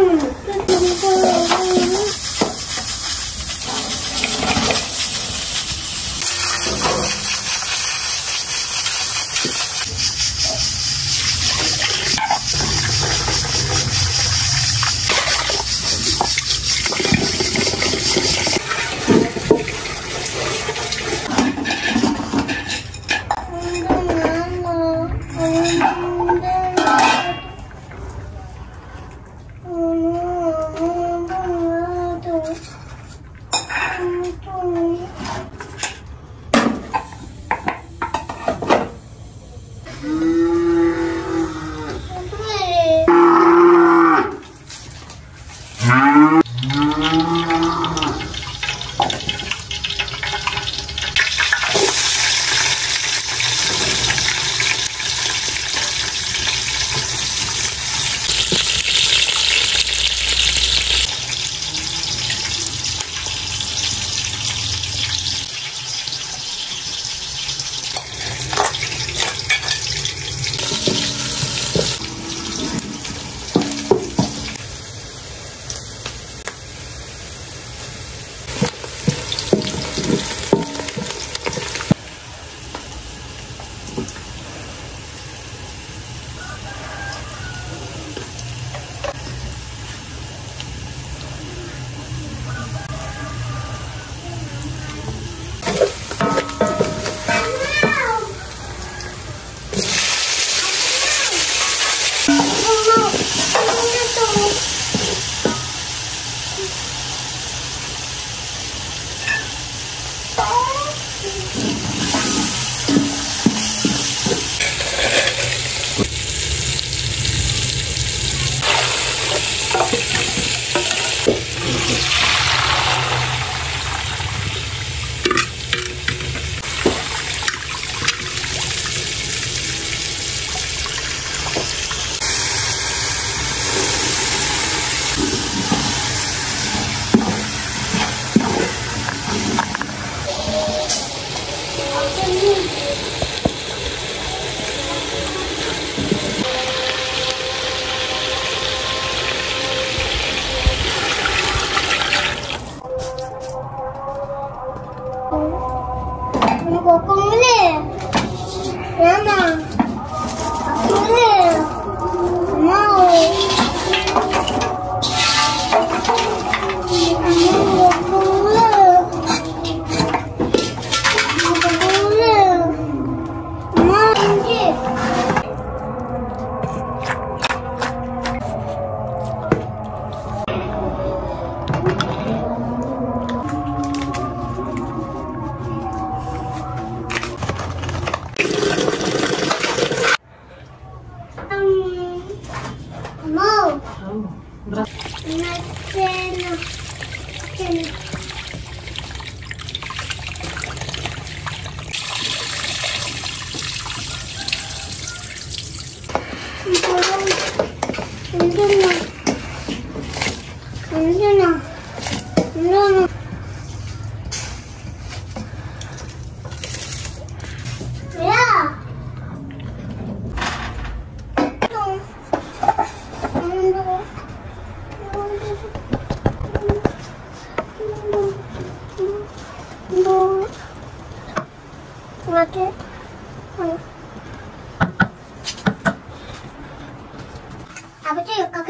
Mmm! Okulun ne? Mo. Oh. 棒巻けはいあぶちゅうか